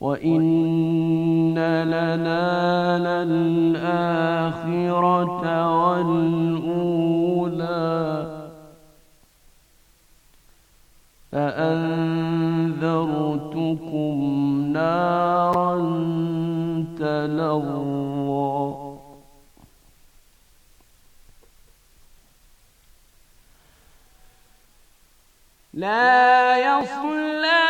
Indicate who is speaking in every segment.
Speaker 1: وإن لنا للآخرة والأولى فأنذرتكم نارا تلظى لا يصلى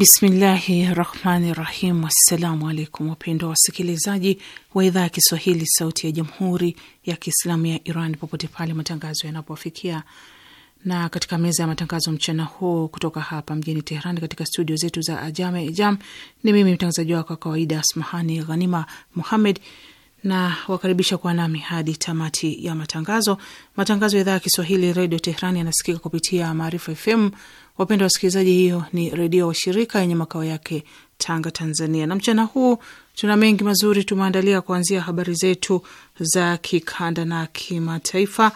Speaker 2: Bismillahi rahmani rahim. Assalamu alaikum wapendwa wasikilizaji wa idhaa ya Kiswahili sauti ya jamhuri ya Kiislamu ya Iran popote pale matangazo yanapofikia, na katika meza ya matangazo mchana huu kutoka hapa mjini Tehran katika studio zetu za Ajame Jam ni mimi mtangazaji wako wa kawaida Asmahani Ghanima Muhammed na wakaribisha kuwa nami hadi tamati ya matangazo. Matangazo ya idhaa ya Kiswahili redio Tehrani yanasikika kupitia Maarifa FM Wapendwa wasikilizaji, hiyo ni redio washirika yenye makao yake Tanga, Tanzania. Na mchana huu tuna mengi mazuri tumeandalia, kuanzia habari zetu za kikanda na kimataifa,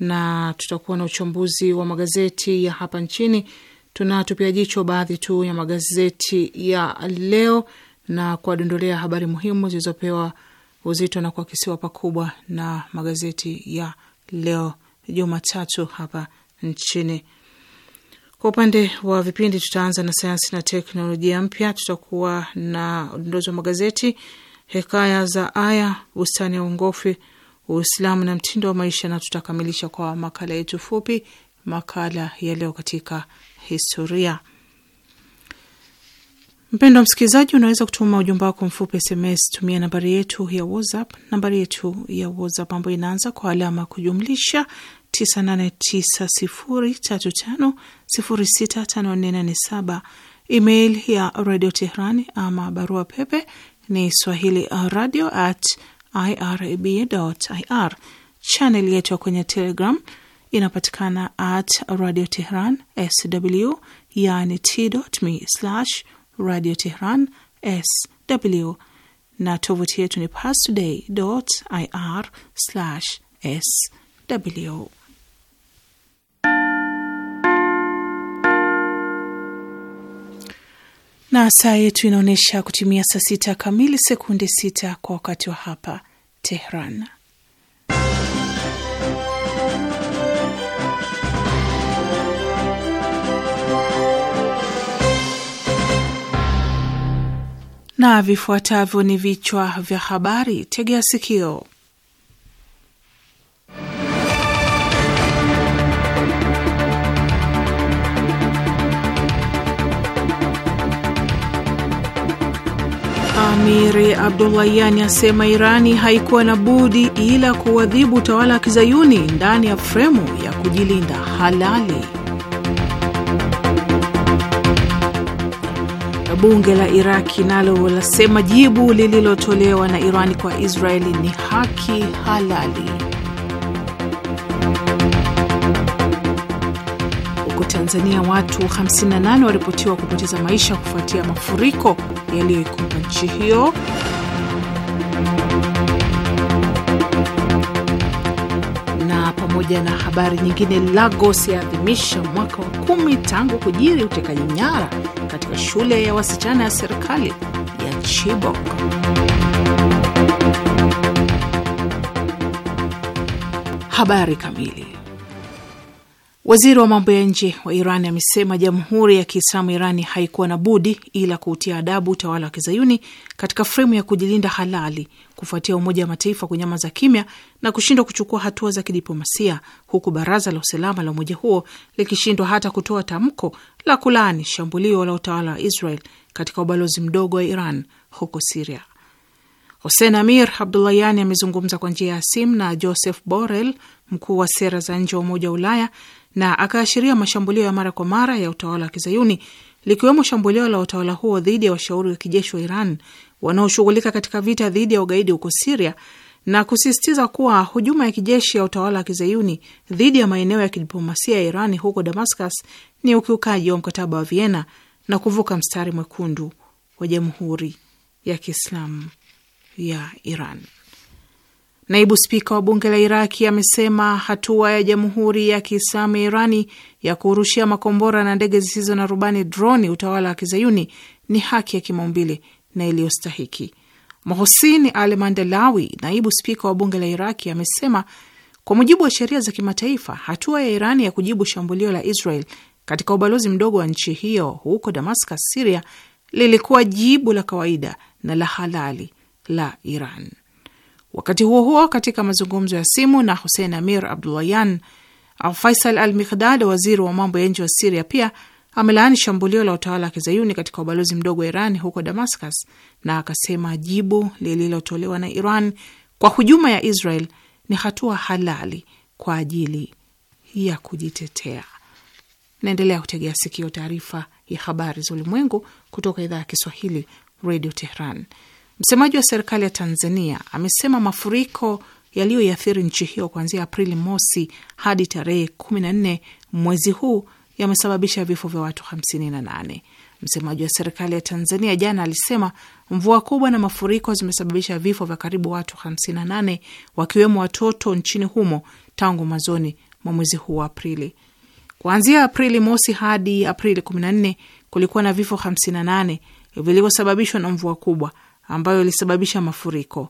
Speaker 2: na tutakuwa na uchambuzi wa magazeti ya hapa nchini. Tunatupia jicho baadhi tu ya magazeti ya leo na kuwadondolea habari muhimu zilizopewa uzito na kuakisiwa pakubwa na magazeti ya leo Jumatatu hapa nchini kwa upande wa vipindi tutaanza na sayansi na teknolojia mpya, tutakuwa na udondozi wa magazeti, hekaya za aya, bustani ya uongofu, Uislamu na mtindo wa maisha, na tutakamilisha kwa makala yetu fupi, makala ya leo katika historia. Mpendo wa msikilizaji, unaweza kutuma ujumbe wako mfupi SMS, tumia nambari yetu ya WhatsApp. Nambari yetu ya WhatsApp ambayo inaanza kwa alama kujumlisha 989035065487 email ya Radio Tehrani ama barua pepe ni swahili uh, radio at irib ir. chanel yetu kwenye Telegram inapatikana at Radio Tehran sw, yani t.me slash Radio Tehran sw, na tovuti yetu ni pastoday ir slash sw. na saa yetu inaonyesha kutimia saa sita kamili sekunde sita kwa wakati wa hapa Tehran. Na vifuatavyo ni vichwa vya habari, tegea sikio. Amiri Abdullahiani asema Irani haikuwa na budi ila kuadhibu utawala wa kizayuni ndani ya fremu ya kujilinda halali. Bunge la Iraki nalo lasema jibu lililotolewa na Irani kwa Israeli ni haki halali. Huko Tanzania watu 58 waripotiwa kupoteza maisha kufuatia mafuriko yaliyoikumba nchi hiyo. Na pamoja na habari nyingine, Lagos yaadhimisha mwaka wa kumi tangu kujiri utekaji nyara katika shule ya wasichana ya serikali ya Chibok. Habari kamili Waziri wa mambo ya nje wa Iran amesema jamhuri ya Kiislamu Irani haikuwa na budi ila kuutia adabu utawala wa kizayuni katika fremu ya kujilinda halali kufuatia Umoja wa Mataifa kunyamaza kimya na kushindwa kuchukua hatua za kidiplomasia, huku Baraza la Usalama la umoja huo likishindwa hata kutoa tamko la kulaani shambulio la utawala wa Israel katika ubalozi mdogo wa Iran huko Siria. Hossein Amir Abdullahian amezungumza kwa njia ya simu na Joseph Borrell, mkuu wa sera za nje wa Umoja wa Ulaya na akaashiria mashambulio ya mara kwa mara ya utawala wa Kizayuni, likiwemo shambulio la utawala huo dhidi ya washauri wa kijeshi wa Iran wanaoshughulika katika vita dhidi ya ugaidi huko Siria, na kusisitiza kuwa hujuma ya kijeshi ya utawala wa Kizayuni dhidi ya maeneo ya kidiplomasia ya Irani huko Damascus ni ukiukaji wa mkataba wa Vienna na kuvuka mstari mwekundu wa Jamhuri ya Kiislamu ya Iran. Naibu spika wa bunge la Iraki amesema hatua ya jamhuri ya Kiislamu ya Irani ya kurushia makombora na ndege zisizo na rubani droni utawala wa kizayuni ni haki ya kimaumbili na iliyostahiki. Mohsin Al Mandelawi, naibu spika wa bunge la Iraki, amesema kwa mujibu wa sheria za kimataifa, hatua ya Irani ya kujibu shambulio la Israel katika ubalozi mdogo wa nchi hiyo huko Damascus, Siria, lilikuwa jibu la kawaida na la halali la Iran. Wakati huo huo, katika mazungumzo ya simu na Hussein Amir Abdullayan, Faisal Al Mikdad, waziri wa mambo ya nje wa Siria, pia amelaani shambulio la utawala wa kizayuni katika ubalozi mdogo wa Iran huko Damascus, na akasema jibu lililotolewa na Iran kwa hujuma ya Israel ni hatua halali kwa ajili ya kujitetea. Naendelea kutegea sikio taarifa ya habari za ulimwengu kutoka idhaa ya Kiswahili, Radio Tehran. Msemaji wa serikali ya Tanzania amesema mafuriko yaliyoiathiri nchi hiyo kuanzia Aprili mosi hadi tarehe 14 mwezi huu yamesababisha vifo vya watu 58. Msemaji wa serikali ya Tanzania jana alisema mvua kubwa na mafuriko zimesababisha vifo vya karibu watu 58 wakiwemo watoto nchini humo tangu mwanzoni mwa mwezi huu wa Aprili. Kuanzia Aprili mosi hadi Aprili 14 kulikuwa na vifo 58 vilivyosababishwa na mvua kubwa ambayo ilisababisha mafuriko.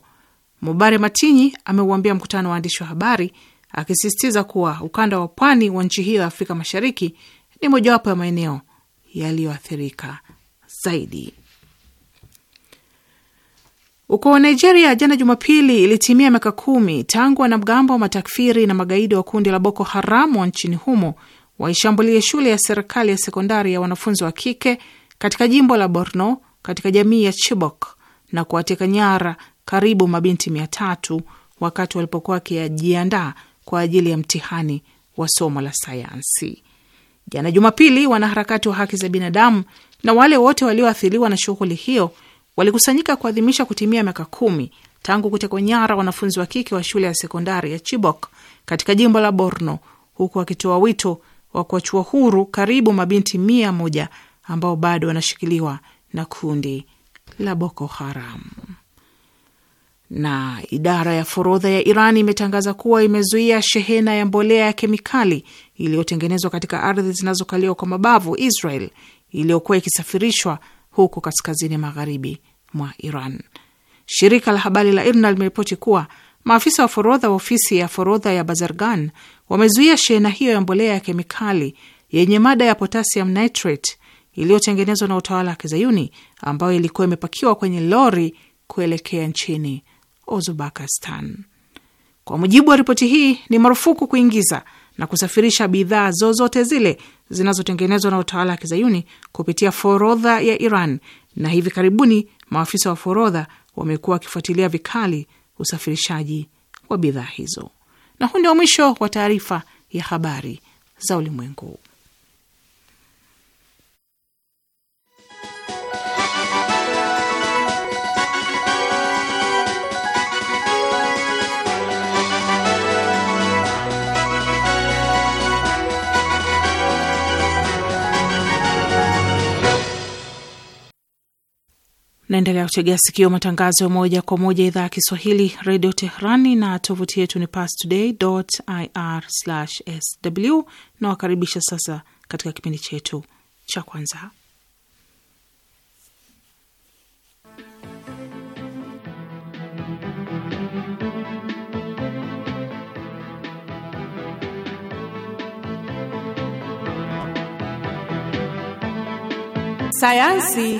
Speaker 2: Mubare Matinyi ameuambia mkutano wa waandishi wa habari akisisitiza kuwa ukanda wa pwani wa nchi hiyo ya Afrika Mashariki ni mojawapo ya maeneo yaliyoathirika zaidi. Uko Nigeria jana Jumapili ilitimia miaka kumi tangu wanamgambo wa matakfiri na magaidi wa kundi la Boko Haram wa nchini humo waishambulie shule ya serikali ya sekondari ya wanafunzi wa kike katika jimbo la Borno katika jamii ya Chibok na kuwateka nyara karibu mabinti mia tatu wakati walipokuwa wakijiandaa kwa ajili ya mtihani wa somo la sayansi. Jana Jumapili, wanaharakati wa haki za binadamu na wale wote walioathiriwa na shughuli hiyo walikusanyika kuadhimisha kutimia miaka kumi tangu kutekwa nyara wanafunzi wa kike wa shule ya sekondari ya Chibok katika jimbo la Borno, huku wakitoa wito wa kuachua huru karibu mabinti mia moja ambao bado wanashikiliwa na kundi la Boko Haram. Na idara ya forodha ya Iran imetangaza kuwa imezuia shehena ya mbolea ya kemikali iliyotengenezwa katika ardhi zinazokaliwa kwa mabavu Israel, iliyokuwa ikisafirishwa huko kaskazini magharibi mwa Iran. Shirika la habari la IRNA limeripoti kuwa maafisa wa forodha wa ofisi ya forodha ya Bazargan wamezuia shehena hiyo ya mbolea ya kemikali yenye mada ya potassium nitrate iliyotengenezwa na utawala wa kizayuni ambayo ilikuwa imepakiwa kwenye lori kuelekea nchini Uzbekistan. Kwa mujibu wa ripoti hii, ni marufuku kuingiza na kusafirisha bidhaa zozote zile zinazotengenezwa na utawala wa kizayuni kupitia forodha ya Iran, na hivi karibuni maafisa wa forodha wamekuwa wakifuatilia vikali usafirishaji wa bidhaa hizo. Na huu ndio mwisho wa taarifa ya habari za ulimwengu. Naendelea kutegea sikio matangazo ya moja kwa moja idhaa ya Kiswahili redio Teherani, na tovuti yetu ni pastoday.ir/sw. Nawakaribisha sasa katika kipindi chetu cha kwanza sayansi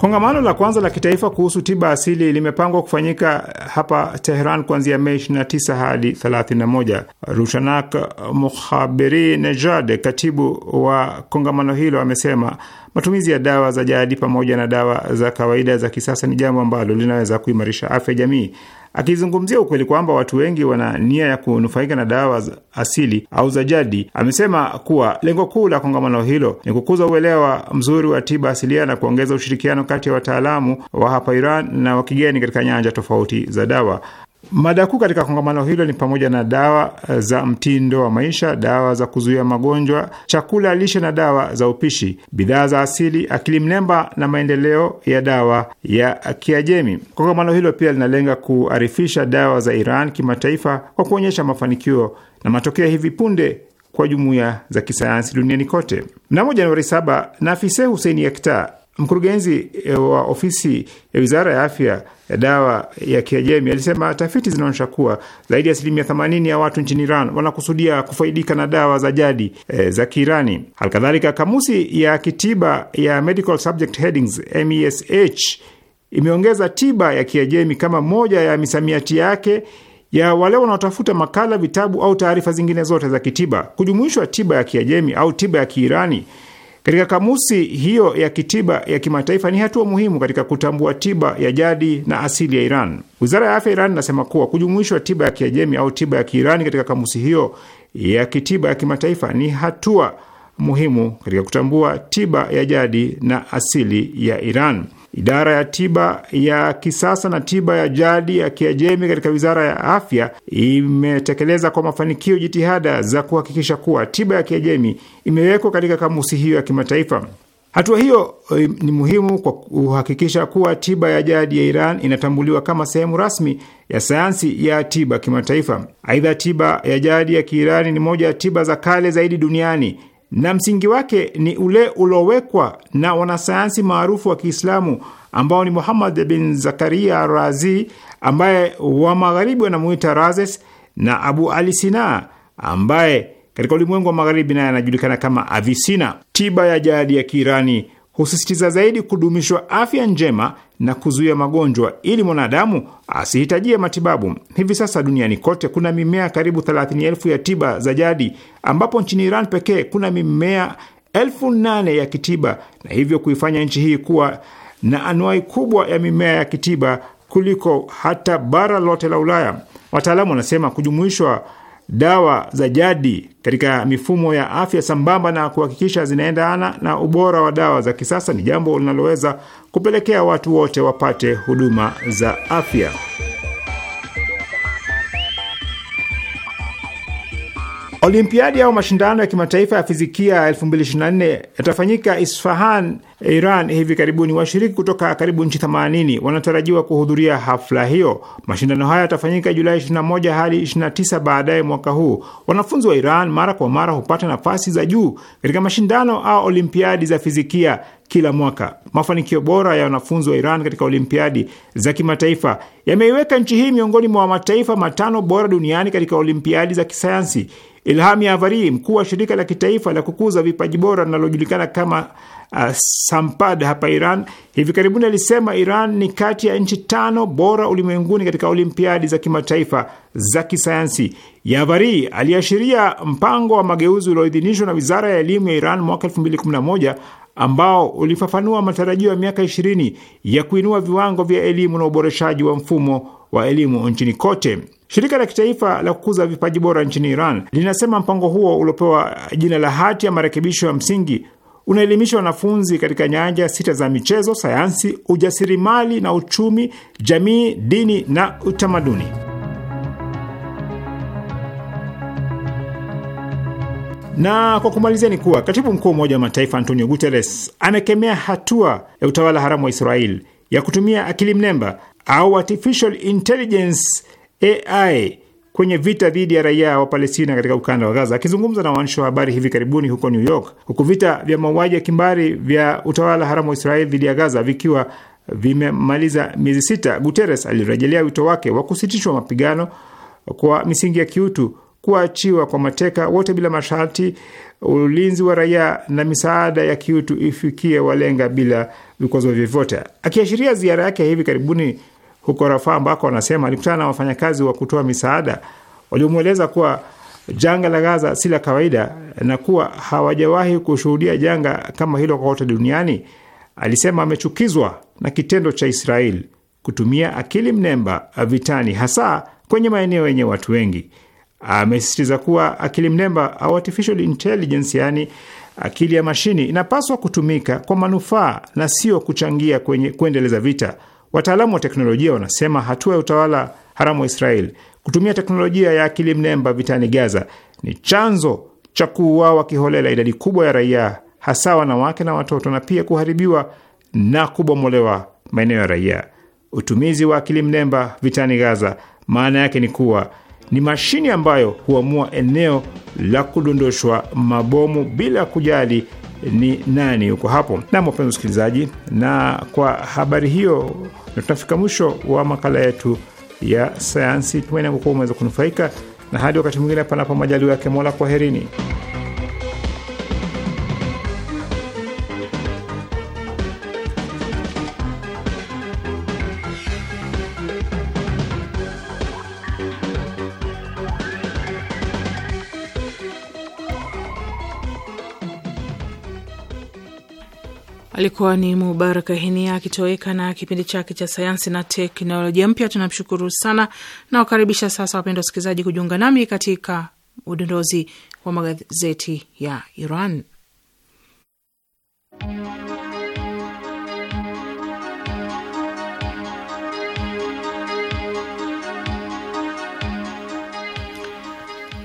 Speaker 3: Kongamano la kwanza la kitaifa kuhusu tiba asili limepangwa kufanyika hapa Teheran kuanzia Mei 29 hadi 31. Rushanak Mukhabiri Nejad, katibu wa kongamano hilo, amesema matumizi ya dawa za jadi pamoja na dawa za kawaida za kisasa ni jambo ambalo linaweza kuimarisha afya jamii. Akizungumzia ukweli kwamba watu wengi wana nia ya kunufaika na dawa za asili au za jadi, amesema kuwa lengo kuu la kongamano hilo ni kukuza uelewa mzuri wa tiba asilia na kuongeza ushirikiano kati ya wataalamu wa hapa Iran na wa kigeni katika nyanja tofauti za dawa. Mada kuu katika kongamano hilo ni pamoja na dawa eh, za mtindo wa maisha, dawa za kuzuia magonjwa, chakula lishe na dawa za upishi, bidhaa za asili, akili mnemba na maendeleo ya dawa ya Kiajemi. Kongamano hilo pia linalenga kuarifisha dawa za Iran kimataifa kwa kuonyesha mafanikio na matokeo ya hivi punde kwa jumuiya za kisayansi duniani kote. Mnamo Januari 7 Nafise Huseini Yakta Mkurugenzi eh, wa ofisi ya eh, wizara ya afya ya eh, dawa ya Kiajemi alisema tafiti zinaonyesha kuwa zaidi ya asilimia 80 ya watu nchini Iran wanakusudia kufaidika na dawa za jadi e, za Kiirani. Halikadhalika, kamusi ya kitiba ya Medical Subject Headings mesh imeongeza tiba ya Kiajemi kama moja ya misamiati yake ya wale wanaotafuta makala, vitabu au taarifa zingine zote za kitiba. Kujumuishwa tiba ya Kiajemi au tiba ya Kiirani katika kamusi hiyo ya kitiba ya kimataifa ni hatua muhimu katika kutambua tiba ya jadi na asili ya Iran. Wizara ya afya Iran inasema kuwa kujumuishwa tiba ya Kiajemi au tiba ya Kiirani katika kamusi hiyo ya kitiba ya kimataifa ni hatua muhimu katika kutambua tiba ya jadi na asili ya Iran. Idara ya tiba ya kisasa na tiba ya jadi ya Kiajemi katika wizara ya afya imetekeleza kwa mafanikio jitihada za kuhakikisha kuwa tiba ya Kiajemi imewekwa katika kamusi hiyo ya kimataifa. Hatua hiyo eh, ni muhimu kwa kuhakikisha kuwa tiba ya jadi ya Iran inatambuliwa kama sehemu rasmi ya sayansi ya tiba kimataifa. Aidha, tiba ya jadi ya Kiirani ni moja ya tiba za kale zaidi duniani na msingi wake ni ule uliowekwa na wanasayansi maarufu wa Kiislamu ambao ni Muhammad bin Zakaria Razi ambaye wa magharibi wanamuita Razes na Abu Ali Sina ambaye katika ulimwengu wa magharibi naye anajulikana kama Avisina. Tiba ya jadi ya Kiirani husisitiza zaidi kudumishwa afya njema na kuzuia magonjwa ili mwanadamu asihitajie matibabu. Hivi sasa duniani kote kuna mimea karibu thelathini ya tiba za jadi, ambapo nchini Iran pekee kuna mimea 8 ya kitiba na hivyo kuifanya nchi hii kuwa na anuai kubwa ya mimea ya kitiba kuliko hata bara lote la Ulaya. Wataalamu wanasema kujumuishwa dawa za jadi katika mifumo ya afya sambamba na kuhakikisha zinaendana na ubora wa dawa za kisasa ni jambo linaloweza kupelekea watu wote wapate huduma za afya. Olimpiadi au mashindano ya kimataifa ya fizikia 2024 yatafanyika Isfahan, Iran hivi karibuni. Washiriki kutoka karibu nchi 80 wanatarajiwa kuhudhuria hafla hiyo. Mashindano haya yatafanyika Julai 21 hadi 29 baadaye mwaka huu. Wanafunzi wa Iran mara kwa mara hupata nafasi za juu katika mashindano au olimpiadi za fizikia kila mwaka. Mafanikio bora ya wanafunzi wa Iran katika olimpiadi za kimataifa yameiweka nchi hii miongoni mwa mataifa matano bora duniani katika olimpiadi za kisayansi. Ilham Yavari, mkuu wa shirika la kitaifa la kukuza vipaji bora linalojulikana kama uh, Sampad hapa Iran, hivi karibuni alisema Iran ni kati ya nchi tano bora ulimwenguni katika olimpiadi za kimataifa za kisayansi. Yavari aliashiria mpango wa mageuzi ulioidhinishwa na wizara ya elimu ya Iran mwaka 2011 ambao ulifafanua matarajio ya miaka 20 ya kuinua viwango vya elimu na uboreshaji wa mfumo wa elimu nchini kote. Shirika la kitaifa la kukuza vipaji bora nchini Iran linasema mpango huo uliopewa jina la hati ya marekebisho ya msingi unaelimisha wanafunzi katika nyanja sita za michezo, sayansi, ujasiriamali na uchumi, jamii, dini na utamaduni. Na kwa kumalizia ni kuwa katibu mkuu wa Umoja wa Mataifa Antonio Guterres amekemea hatua ya utawala haramu wa israel ya kutumia akili mnemba au artificial intelligence AI kwenye vita dhidi ya raia wa Palestina katika ukanda wa Gaza. Akizungumza na waandishi wa habari hivi karibuni huko New York, huku vita vya mauaji ya kimbari vya utawala haramu wa Israeli dhidi ya Gaza vikiwa vimemaliza miezi sita, Guterres alirejelea wito wake wa kusitishwa mapigano kwa misingi ya kiutu, kuachiwa kwa mateka wote bila masharti, ulinzi wa raia na misaada ya kiutu ifikie walenga bila vikwazo vyovyote, akiashiria ziara yake ya hivi karibuni huko Rafaa ambako wanasema alikutana na wafanyakazi wa kutoa misaada waliomweleza kuwa janga la Gaza si la kawaida na kuwa hawajawahi kushuhudia janga kama hilo kote duniani. Alisema amechukizwa na kitendo cha israel kutumia akili mnemba vitani, hasa kwenye maeneo yenye watu wengi. Amesisitiza kuwa akili mnemba au artificial intelligence, akili ya mashini, inapaswa kutumika kwa manufaa na sio kuchangia kwenye kuendeleza vita. Wataalamu wa teknolojia wanasema hatua ya utawala haramu wa Israel kutumia teknolojia ya akili mnemba vitani Gaza ni chanzo cha kuuawa kiholela idadi kubwa ya raia, hasa wanawake na watoto, na pia kuharibiwa na kubomolewa maeneo ya raia. Utumizi wa akili mnemba vitani Gaza maana yake ni kuwa ni mashini ambayo huamua eneo la kudondoshwa mabomu bila kujali ni nani huko hapo. Nam, wapenzi msikilizaji, na kwa habari hiyo tunafika mwisho wa makala yetu ya sayansi. Tumaini yangu kuwa umeweza kunufaika, na hadi wakati mwingine, panapo majaliwa yake Mola, kwaherini.
Speaker 2: alikuwa ni Mubarak Henia akitoweka na kipindi chake cha sayansi na teknolojia mpya. Tunamshukuru sana, nawakaribisha sasa wapenda wasikilizaji kujiunga nami katika udondozi wa magazeti ya Iran.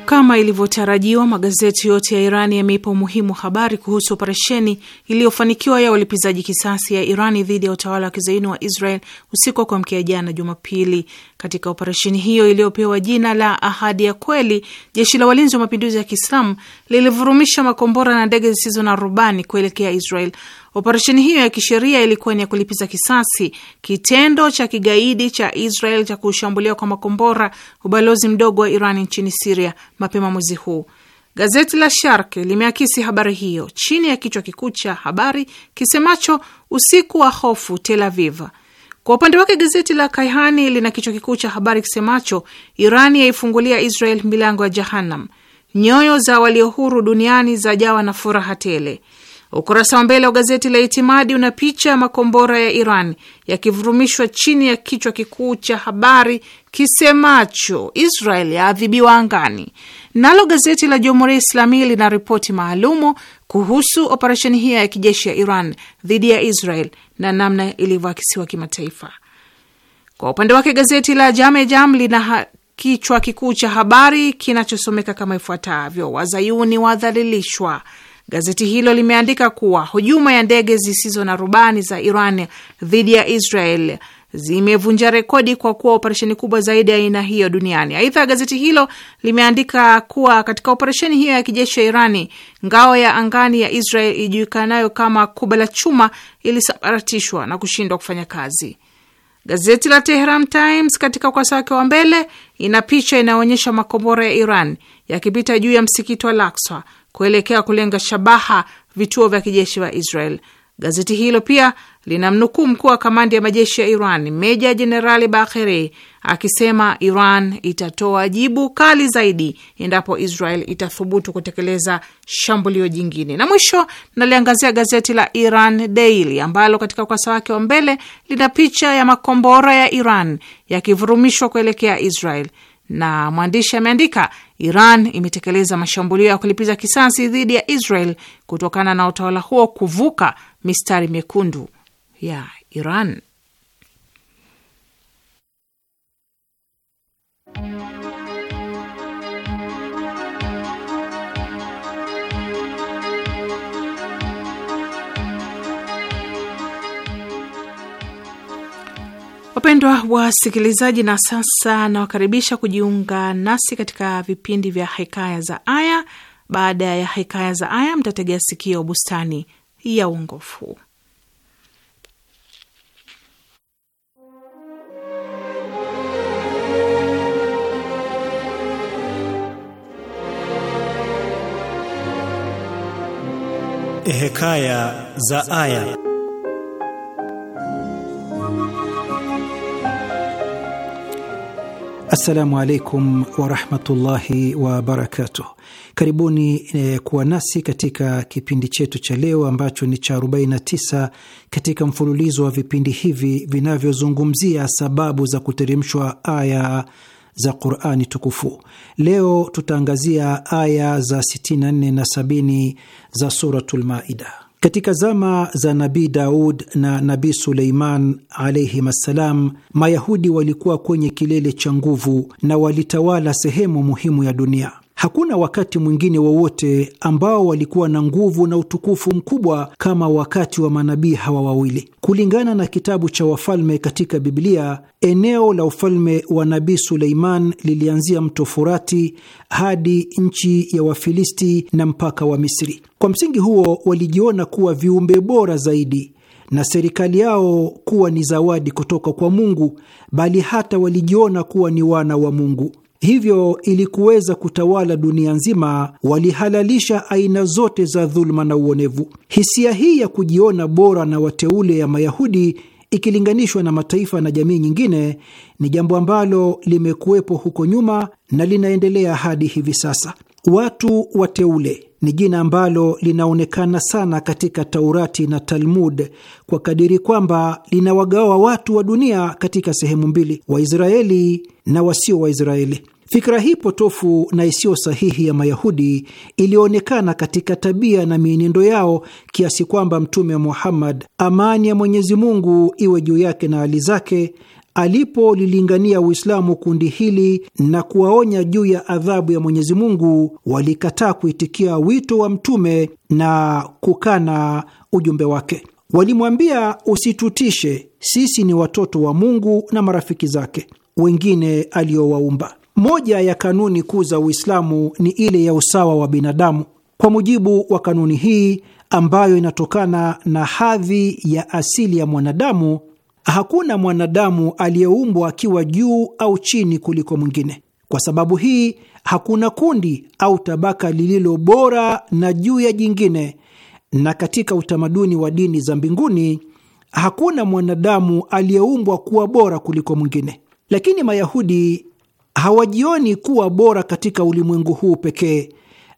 Speaker 2: Kama ilivyotarajiwa, magazeti yote ya Irani yameipa umuhimu habari kuhusu operesheni iliyofanikiwa ya walipizaji kisasi ya Irani dhidi ya utawala wa kizaini wa Israel usiku wa kuamkia jana Jumapili. Katika operesheni hiyo iliyopewa jina la Ahadi ya Kweli, jeshi la walinzi wa mapinduzi ya Kiislamu lilivurumisha makombora na ndege zisizo na rubani kuelekea Israel. Operesheni hiyo ya kisheria ilikuwa ni ya kulipiza kisasi kitendo cha kigaidi cha Israel cha kushambulia kwa makombora ubalozi mdogo wa Iran nchini Siria mapema mwezi huu. Gazeti la Shark limeakisi habari hiyo chini ya kichwa kikuu cha habari kisemacho usiku wa hofu Tel Aviv. Kwa upande wake gazeti la Kaihani lina kichwa kikuu cha habari kisemacho Irani yaifungulia Israel milango ya Jahannam, nyoyo za walio huru duniani zajawa na furaha tele. Ukurasa wa mbele wa gazeti la Itimadi una picha ya makombora ya Iran yakivurumishwa chini ya kichwa kikuu cha habari kisemacho Israel yaadhibiwa angani. Nalo gazeti la Jamhuri Islami lina ripoti maalumu kuhusu operesheni hiyo ya kijeshi ya Iran dhidi ya Israel na namna ilivyoakisiwa kimataifa. Kwa upande wake gazeti la Jame Jam lina kichwa kikuu cha habari kinachosomeka kama ifuatavyo: wazayuni wadhalilishwa Gazeti hilo limeandika kuwa hujuma ya ndege zisizo na rubani za Iran dhidi ya Israel zimevunja rekodi kwa kuwa operesheni kubwa zaidi ya aina hiyo duniani. Aidha, gazeti hilo limeandika kuwa katika operesheni hiyo ya kijeshi ya Irani, ngao ya angani ya Israel ijulikanayo kama kuba la chuma ilisambaratishwa na kushindwa kufanya kazi. Gazeti la Tehran Times katika ukurasa wake wa mbele ina picha inayoonyesha makombora ya Iran yakipita juu ya msikiti wa Al-Aqsa kuelekea kulenga shabaha vituo vya kijeshi vya Israel. Gazeti hilo pia linamnukuu mkuu wa kamandi ya majeshi ya Iran meja jenerali Bakheri akisema Iran itatoa jibu kali zaidi endapo Israel itathubutu kutekeleza shambulio jingine. Na mwisho naliangazia gazeti la Iran Daily ambalo katika ukurasa wake wa mbele lina picha ya makombora ya Iran yakivurumishwa kuelekea Israel na mwandishi ameandika, Iran imetekeleza mashambulio ya kulipiza kisasi dhidi ya Israel kutokana na utawala huo kuvuka mistari mekundu ya Iran. Wapendwa wasikilizaji, na sasa nawakaribisha kujiunga nasi katika vipindi vya Hekaya za Aya. Baada ya Hekaya za Aya, mtategea sikio Bustani ya Uongofu.
Speaker 4: Hekaya za Aya.
Speaker 5: Assalamu alaikum warahmatullahi wabarakatuh. Karibuni eh, kuwa nasi katika kipindi chetu cha leo ambacho ni cha 49 katika mfululizo wa vipindi hivi vinavyozungumzia sababu za kuteremshwa aya za Qurani tukufu. Leo tutaangazia aya za 64 na 70 za Suratul Maida. Katika zama za Nabii Daud na Nabii Suleiman alayhim assalam, Mayahudi walikuwa kwenye kilele cha nguvu na walitawala sehemu muhimu ya dunia. Hakuna wakati mwingine wowote ambao walikuwa na nguvu na utukufu mkubwa kama wakati wa manabii hawa wawili. Kulingana na kitabu cha Wafalme katika Biblia, eneo la ufalme wa Nabii Suleiman lilianzia mto Furati hadi nchi ya Wafilisti na mpaka wa Misri. Kwa msingi huo, walijiona kuwa viumbe bora zaidi na serikali yao kuwa ni zawadi kutoka kwa Mungu, bali hata walijiona kuwa ni wana wa Mungu hivyo ili kuweza kutawala dunia nzima, walihalalisha aina zote za dhuluma na uonevu. Hisia hii ya kujiona bora na wateule ya Mayahudi ikilinganishwa na mataifa na jamii nyingine ni jambo ambalo limekuwepo huko nyuma na linaendelea hadi hivi sasa. Watu wateule ni jina ambalo linaonekana sana katika Taurati na Talmud kwa kadiri kwamba linawagawa watu wa dunia katika sehemu mbili, Waisraeli na wasio Waisraeli. Fikra hii potofu na isiyo sahihi ya Mayahudi ilionekana katika tabia na mienendo yao kiasi kwamba Mtume Muhammad, amani ya Mwenyezi Mungu iwe juu yake na hali zake, alipolilingania Uislamu kundi hili na kuwaonya juu ya adhabu ya Mwenyezi Mungu, walikataa kuitikia wito wa Mtume na kukana ujumbe wake. Walimwambia, usitutishe, sisi ni watoto wa Mungu na marafiki zake wengine aliowaumba. Moja ya kanuni kuu za Uislamu ni ile ya usawa wa binadamu. Kwa mujibu wa kanuni hii ambayo inatokana na hadhi ya asili ya mwanadamu, hakuna mwanadamu aliyeumbwa akiwa juu au chini kuliko mwingine. Kwa sababu hii, hakuna kundi au tabaka lililo bora na juu ya jingine, na katika utamaduni wa dini za mbinguni hakuna mwanadamu aliyeumbwa kuwa bora kuliko mwingine. Lakini Mayahudi hawajioni kuwa bora katika ulimwengu huu pekee,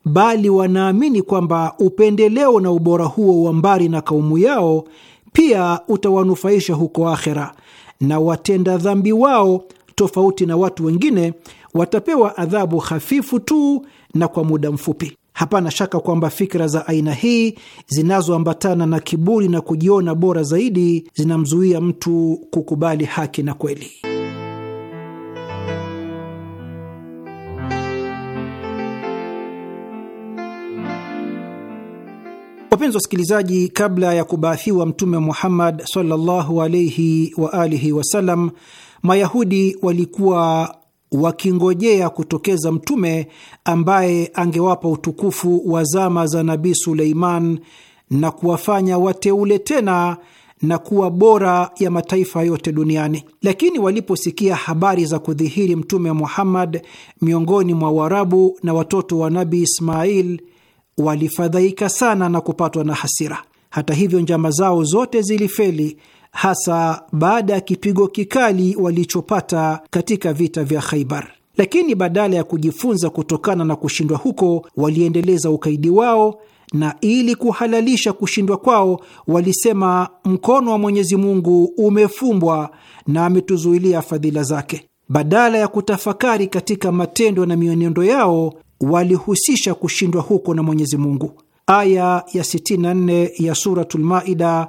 Speaker 5: bali wanaamini kwamba upendeleo na ubora huo wa mbari na kaumu yao pia utawanufaisha huko akhera, na watenda dhambi wao, tofauti na watu wengine, watapewa adhabu hafifu tu na kwa muda mfupi. Hapana shaka kwamba fikra za aina hii zinazoambatana na kiburi na kujiona bora zaidi zinamzuia mtu kukubali haki na kweli. Wapenzi wasikilizaji, kabla ya kubaathiwa Mtume Muhammad sallallahu alaihi wa alihi wasallam, Mayahudi walikuwa wakingojea kutokeza mtume ambaye angewapa utukufu wa zama za Nabii Suleiman na kuwafanya wateule tena na kuwa bora ya mataifa yote duniani. Lakini waliposikia habari za kudhihiri Mtume Muhammad miongoni mwa Waarabu na watoto wa nabi Ismail walifadhaika sana na kupatwa na hasira. Hata hivyo, njama zao zote zilifeli, hasa baada ya kipigo kikali walichopata katika vita vya Khaibar. Lakini badala ya kujifunza kutokana na kushindwa huko, waliendeleza ukaidi wao na ili kuhalalisha kushindwa kwao walisema, mkono wa Mwenyezi Mungu umefumbwa na ametuzuilia fadhila zake. Badala ya kutafakari katika matendo na mienendo yao, walihusisha kushindwa huko na Mwenyezi Mungu. Aya ya 64 ya Suratul Maida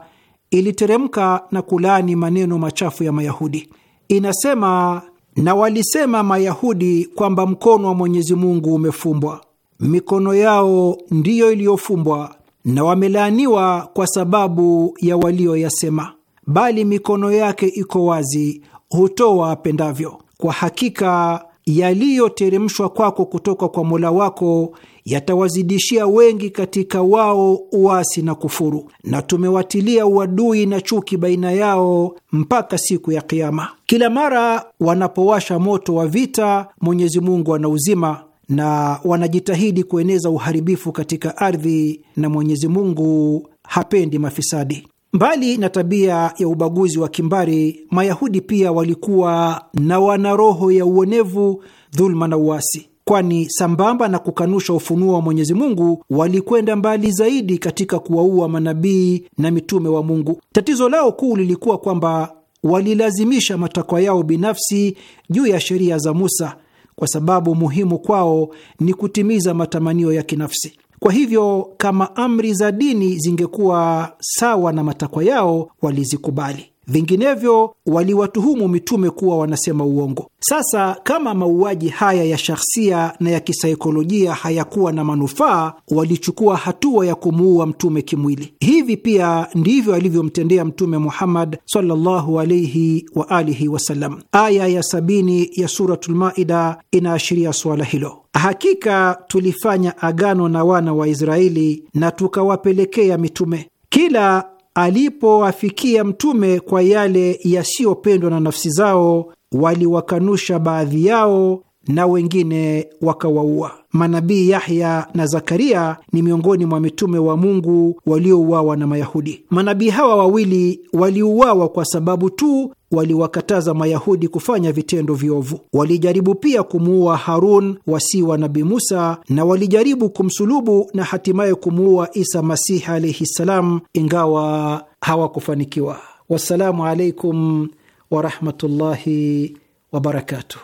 Speaker 5: iliteremka na kulaani maneno machafu ya Mayahudi. Inasema, na walisema Mayahudi kwamba mkono wa Mwenyezi Mungu umefumbwa. Mikono yao ndiyo iliyofumbwa, na wamelaaniwa kwa sababu ya walioyasema, bali mikono yake iko wazi, hutoa apendavyo. Kwa hakika yaliyoteremshwa kwako kutoka kwa Mola wako yatawazidishia wengi katika wao uasi na kufuru, na tumewatilia uadui na chuki baina yao mpaka siku ya Kiama. Kila mara wanapowasha moto wa vita, Mwenyezi Mungu anauzima, na wanajitahidi kueneza uharibifu katika ardhi, na Mwenyezi Mungu hapendi mafisadi. Mbali na tabia ya ubaguzi wa kimbari, Mayahudi pia walikuwa na wana roho ya uonevu, dhuluma na uasi, kwani sambamba na kukanusha ufunuo wa Mwenyezi Mungu walikwenda mbali zaidi katika kuwaua manabii na mitume wa Mungu. Tatizo lao kuu lilikuwa kwamba walilazimisha matakwa yao binafsi juu ya sheria za Musa, kwa sababu muhimu kwao ni kutimiza matamanio ya kinafsi. Kwa hivyo kama amri za dini zingekuwa sawa na matakwa yao, walizikubali vinginevyo waliwatuhumu mitume kuwa wanasema uongo. Sasa kama mauaji haya ya shahsia na ya kisaikolojia hayakuwa na manufaa, walichukua hatua ya kumuua mtume kimwili. Hivi pia ndivyo alivyomtendea Mtume Muhammad sallallahu alaihi wa alihi wasallam. Aya ya sabini ya Suratul Maida inaashiria suala hilo: hakika tulifanya agano na wana wa Israeli na tukawapelekea mitume kila alipowafikia Mtume kwa yale yasiyopendwa na nafsi zao, waliwakanusha baadhi yao na wengine wakawaua. Manabii Yahya na Zakaria ni miongoni mwa mitume wa Mungu waliouawa na Mayahudi. Manabii hawa wawili waliuawa kwa sababu tu waliwakataza Mayahudi kufanya vitendo viovu. Walijaribu pia kumuua Harun wasiwa Nabi Musa, na walijaribu kumsulubu na hatimaye kumuua Isa Masihi alaihi ssalam, ingawa hawakufanikiwa. Wassalamu alaikum warahmatullahi wabarakatuh.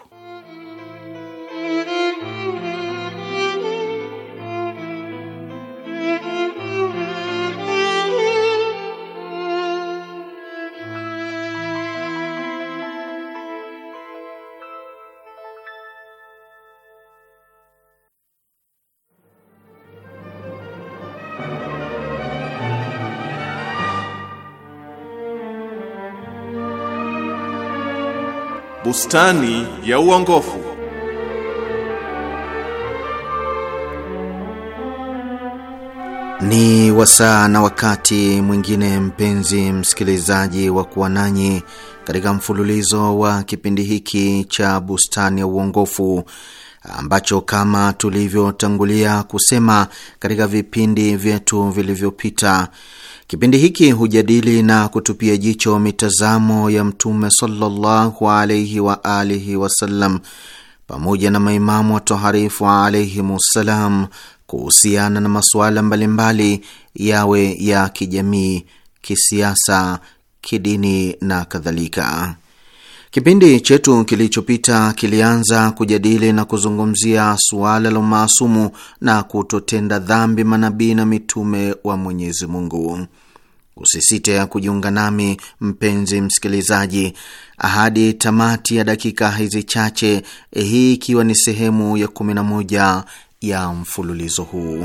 Speaker 5: Bustani ya
Speaker 6: uongofu. Ni wasaa na wakati mwingine, mpenzi msikilizaji, wa kuwa nanyi katika mfululizo wa kipindi hiki cha Bustani ya Uongofu ambacho kama tulivyotangulia kusema katika vipindi vyetu vilivyopita Kipindi hiki hujadili na kutupia jicho mitazamo ya Mtume sallallahu alaihi wa alihi wasallam pamoja na maimamu watoharifu alaihimussalam kuhusiana na masuala mbalimbali, yawe ya kijamii, kisiasa, kidini na kadhalika. Kipindi chetu kilichopita kilianza kujadili na kuzungumzia suala la umaasumu na kutotenda dhambi manabii na mitume wa Mwenyezi Mungu. Usisite kujiunga nami mpenzi msikilizaji, ahadi tamati ya dakika hizi chache, hii ikiwa ni sehemu ya 11 ya mfululizo huu.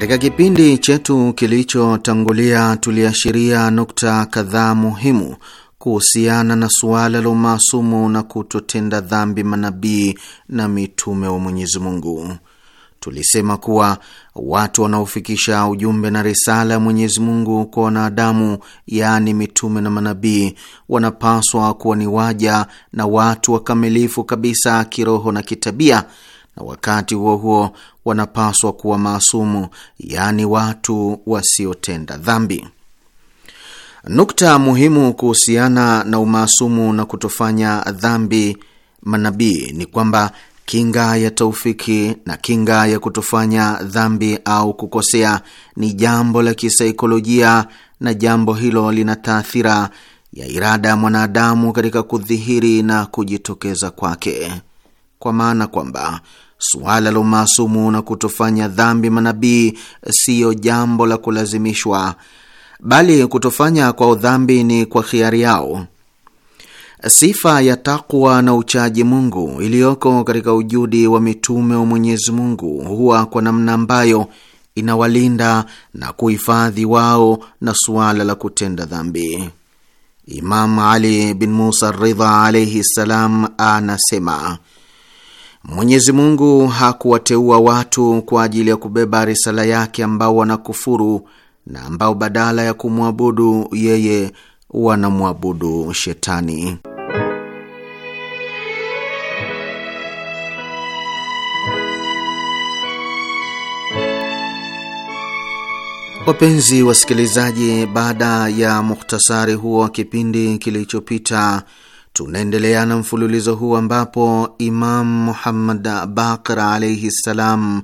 Speaker 6: Katika kipindi chetu kilichotangulia tuliashiria nukta kadhaa muhimu kuhusiana na suala la umaasumu na kutotenda dhambi manabii na mitume wa Mwenyezi Mungu. Tulisema kuwa watu wanaofikisha ujumbe na risala ya Mwenyezi Mungu kwa wanadamu, yaani mitume na manabii, wanapaswa kuwa ni waja na watu wakamilifu kabisa kiroho na kitabia na wakati huo huo wanapaswa kuwa maasumu, yaani watu wasiotenda dhambi. Nukta muhimu kuhusiana na umaasumu na kutofanya dhambi manabii ni kwamba kinga ya taufiki na kinga ya kutofanya dhambi au kukosea ni jambo la kisaikolojia, na jambo hilo lina taathira ya irada ya mwanadamu katika kudhihiri na kujitokeza kwake kwa maana kwamba suala la umaasumu na kutofanya dhambi manabii siyo jambo la kulazimishwa, bali kutofanya kwa udhambi ni kwa khiari yao. Sifa ya takwa na uchaji Mungu iliyoko katika ujudi wa mitume wa Mwenyezi Mungu huwa kwa namna ambayo inawalinda na kuhifadhi wao na suala la kutenda dhambi. Imam Ali bin Musa Ridha alaihi ssalam anasema Mwenyezi Mungu hakuwateua watu kwa ajili ya kubeba risala yake ambao wanakufuru na ambao badala ya kumwabudu yeye wanamwabudu shetani. Wapenzi wasikilizaji, baada ya muhtasari huo wa kipindi kilichopita Tunaendelea na mfululizo huu ambapo Imam Muhammad Baqir alaihi ssalam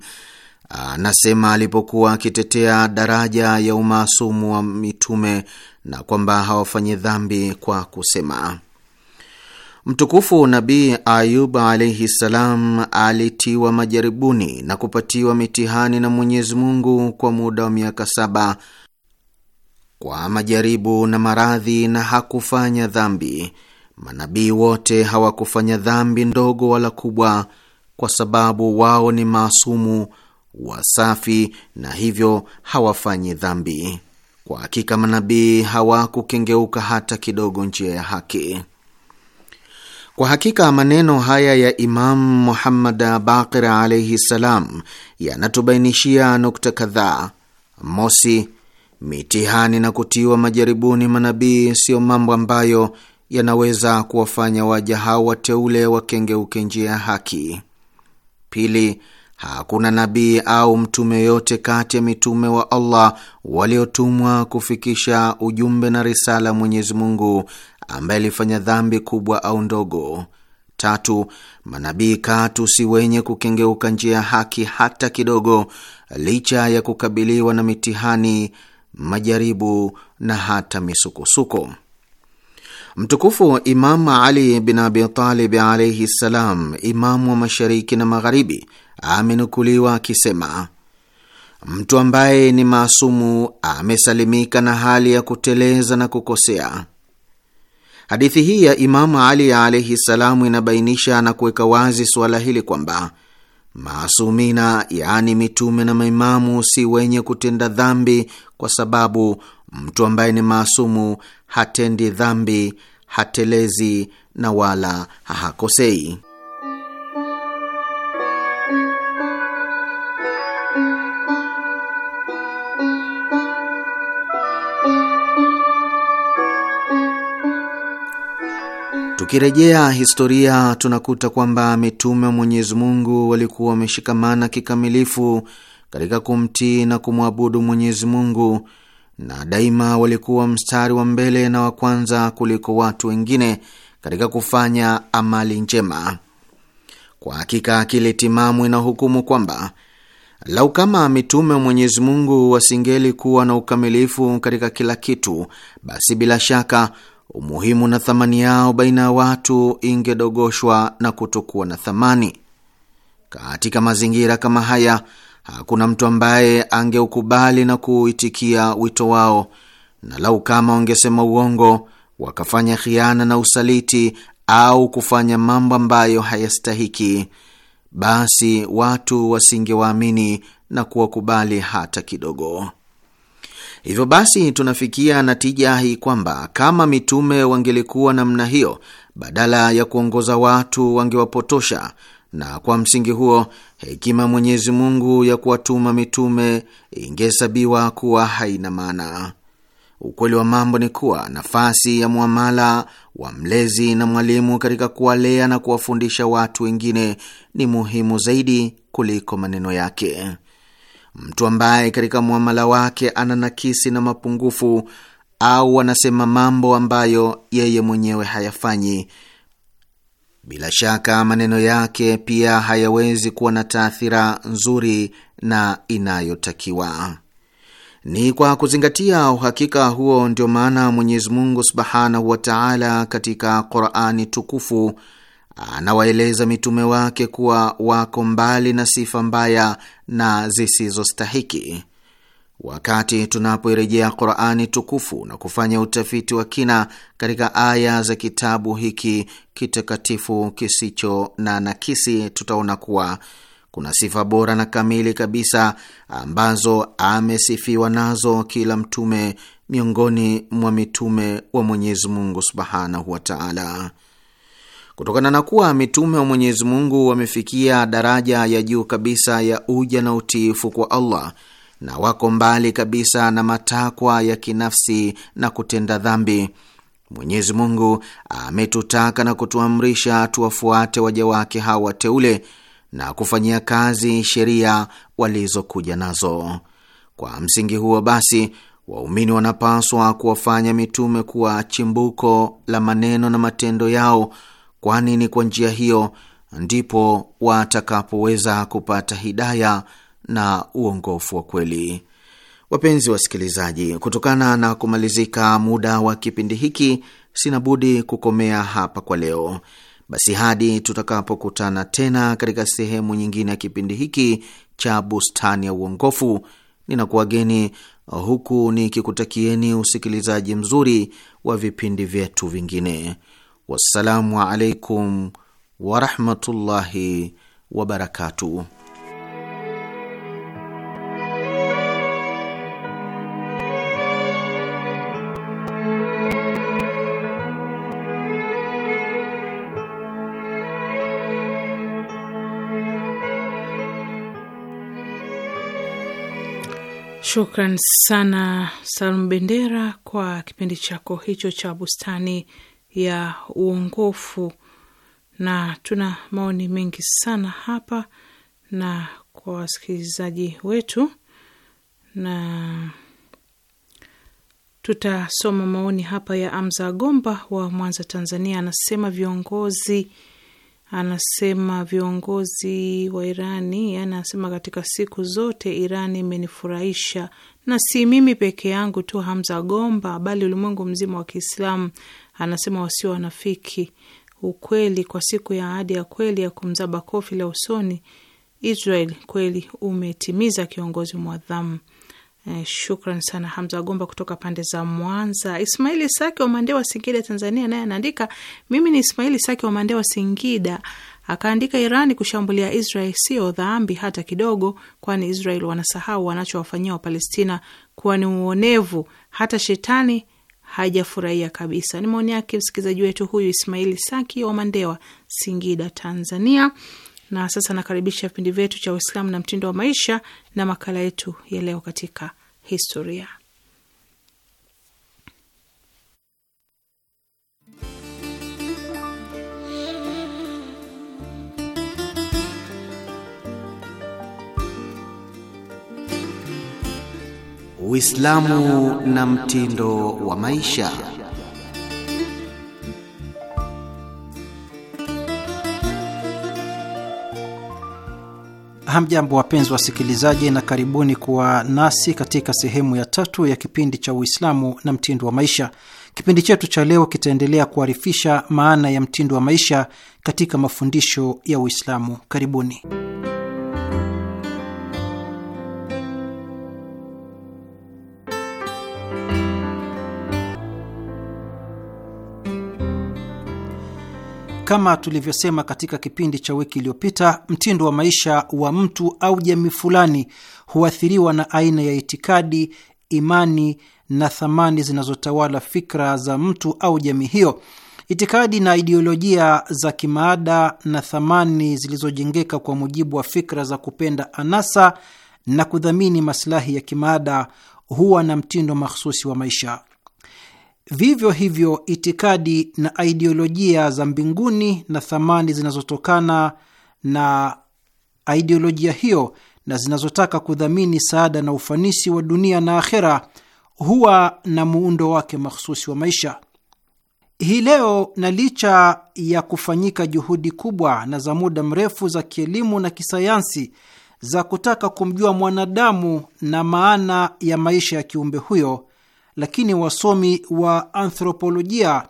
Speaker 6: anasema alipokuwa akitetea daraja ya umaasumu wa mitume na kwamba hawafanyi dhambi kwa kusema Mtukufu Nabii Ayub alaihi ssalam alitiwa majaribuni na kupatiwa mitihani na Mwenyezi Mungu kwa muda wa miaka saba kwa majaribu na maradhi, na hakufanya dhambi. Manabii wote hawakufanya dhambi ndogo wala kubwa, kwa sababu wao ni maasumu wasafi, na hivyo hawafanyi dhambi. Kwa hakika manabii hawakukengeuka hata kidogo njia ya haki. Kwa hakika maneno haya ya Imamu Muhammad Baqir alaihi ssalam yanatubainishia nukta kadhaa. Mosi, mitihani na kutiwa majaribuni manabii siyo mambo ambayo yanaweza kuwafanya waja hao wateule wakengeuke njia ya haki. Pili, hakuna nabii au mtume yote kati ya mitume wa Allah waliotumwa kufikisha ujumbe na risala Mwenyezi Mungu ambaye alifanya dhambi kubwa au ndogo. Tatu, manabii katu si wenye kukengeuka njia ya haki hata kidogo, licha ya kukabiliwa na mitihani, majaribu na hata misukosuko. Mtukufu Imam Ali bin Abi Talib alaihi ssalam, imamu wa mashariki na magharibi, amenukuliwa akisema, mtu ambaye ni maasumu amesalimika na hali ya kuteleza na kukosea. Hadithi hii ya Imamu Ali alaihi ssalamu inabainisha na kuweka wazi suala hili kwamba maasumina, yaani mitume na maimamu, si wenye kutenda dhambi kwa sababu Mtu ambaye ni maasumu hatendi dhambi, hatelezi na wala hakosei. Tukirejea historia tunakuta kwamba mitume wa Mwenyezi Mungu walikuwa wameshikamana kikamilifu katika kumtii na kumwabudu Mwenyezi Mungu na daima walikuwa mstari wa mbele na wa kwanza kuliko watu wengine katika kufanya amali njema. Kwa hakika akili timamu inahukumu kwamba lau kama mitume wa Mwenyezi Mungu wasingeli kuwa na ukamilifu katika kila kitu, basi bila shaka umuhimu na thamani yao baina ya watu ingedogoshwa na kutokuwa na thamani. Katika mazingira kama haya hakuna mtu ambaye angeukubali na kuuitikia wito wao, na lau kama wangesema uongo, wakafanya khiana na usaliti au kufanya mambo ambayo hayastahiki, basi watu wasingewaamini na kuwakubali hata kidogo. Hivyo basi tunafikia natija hii kwamba kama mitume wangelikuwa namna hiyo, badala ya kuongoza watu wangewapotosha na kwa msingi huo hekima Mwenyezi Mungu ya kuwatuma mitume ingehesabiwa kuwa haina maana. Ukweli wa mambo ni kuwa nafasi ya mwamala wa mlezi na mwalimu katika kuwalea na kuwafundisha watu wengine ni muhimu zaidi kuliko maneno yake. Mtu ambaye katika mwamala wake ana nakisi na mapungufu au anasema mambo ambayo yeye mwenyewe hayafanyi bila shaka maneno yake pia hayawezi kuwa na taathira nzuri na inayotakiwa. Ni kwa kuzingatia uhakika huo ndio maana Mwenyezi Mungu subhanahu wa taala katika Qurani tukufu anawaeleza mitume wake kuwa wako mbali na sifa mbaya na zisizostahiki. Wakati tunapoirejea Qurani tukufu na kufanya utafiti wa kina katika aya za kitabu hiki kitakatifu kisicho na nakisi, tutaona kuwa kuna sifa bora na kamili kabisa ambazo amesifiwa nazo kila mtume miongoni mwa mitume wa Mwenyezi Mungu subhanahu wa taala. Kutokana na kuwa mitume wa Mwenyezi Mungu wamefikia daraja ya juu kabisa ya uja na utiifu kwa Allah na wako mbali kabisa na matakwa ya kinafsi na kutenda dhambi. Mwenyezi Mungu ametutaka na kutuamrisha tuwafuate waja wake hawa wateule na kufanyia kazi sheria walizokuja nazo. Kwa msingi huo basi, waumini wanapaswa kuwafanya mitume kuwa chimbuko la maneno na matendo yao, kwani ni kwa njia hiyo ndipo watakapoweza kupata hidaya na uongofu wa kweli. Wapenzi wasikilizaji, kutokana na kumalizika muda wa kipindi hiki, sina budi kukomea hapa kwa leo. Basi hadi tutakapokutana tena katika sehemu nyingine ya kipindi hiki cha Bustani ya Uongofu, ninakuwageni huku nikikutakieni usikilizaji mzuri wa vipindi vyetu vingine. Wassalamu alaikum warahmatullahi wabarakatuh.
Speaker 2: Shukran sana Salum Bendera kwa kipindi chako hicho cha bustani ya uongofu, na tuna maoni mengi sana hapa na kwa wasikilizaji wetu, na tutasoma maoni hapa ya Amza Gomba wa Mwanza, Tanzania. Anasema viongozi anasema viongozi wa Irani, yani anasema katika siku zote Irani imenifurahisha na si mimi peke yangu tu, Hamza Gomba, bali ulimwengu mzima wa Kiislamu. Anasema wasio wanafiki ukweli kwa siku ya ahadi ya kweli ya kumzaba kofi la usoni Israel kweli umetimiza, kiongozi mwadhamu Eh, shukran sana Hamza Wagomba kutoka pande za Mwanza. Ismaili Saki wa Singida, Tanzania, naye anaandika mimi ni Ismaili Saki wa Singida. Akaandika Irani kushambulia Israel sio dhambi hata kidogo, kwani Israel wanasahau wanachowafanyia Wapalestina kuwa ni uonevu, hata shetani hajafurahia kabisa. Ni maoni yake msikilizaji wetu huyu Ismaili Saki wa Mandewa, Singida, Tanzania. Na sasa nakaribisha vipindi vyetu cha Uislamu na mtindo wa maisha na makala yetu ya leo katika historia.
Speaker 6: Uislamu na mtindo wa maisha.
Speaker 5: Hamjambo, wapenzi wasikilizaji, na karibuni kuwa nasi katika sehemu ya tatu ya kipindi cha Uislamu na mtindo wa maisha. Kipindi chetu cha leo kitaendelea kuharifisha maana ya mtindo wa maisha katika mafundisho ya Uislamu. Karibuni. Kama tulivyosema katika kipindi cha wiki iliyopita, mtindo wa maisha wa mtu au jamii fulani huathiriwa na aina ya itikadi, imani na thamani zinazotawala fikra za mtu au jamii hiyo. Itikadi na ideolojia za kimaada na thamani zilizojengeka kwa mujibu wa fikra za kupenda anasa na kudhamini masilahi ya kimaada huwa na mtindo mahsusi wa maisha. Vivyo hivyo, itikadi na aidiolojia za mbinguni na thamani zinazotokana na aidiolojia hiyo na zinazotaka kudhamini saada na ufanisi wa dunia na akhera huwa na muundo wake mahsusi wa maisha. Hii leo, na licha ya kufanyika juhudi kubwa na za muda mrefu za kielimu na kisayansi za kutaka kumjua mwanadamu na maana ya maisha ya kiumbe huyo lakini wasomi wa anthropolojia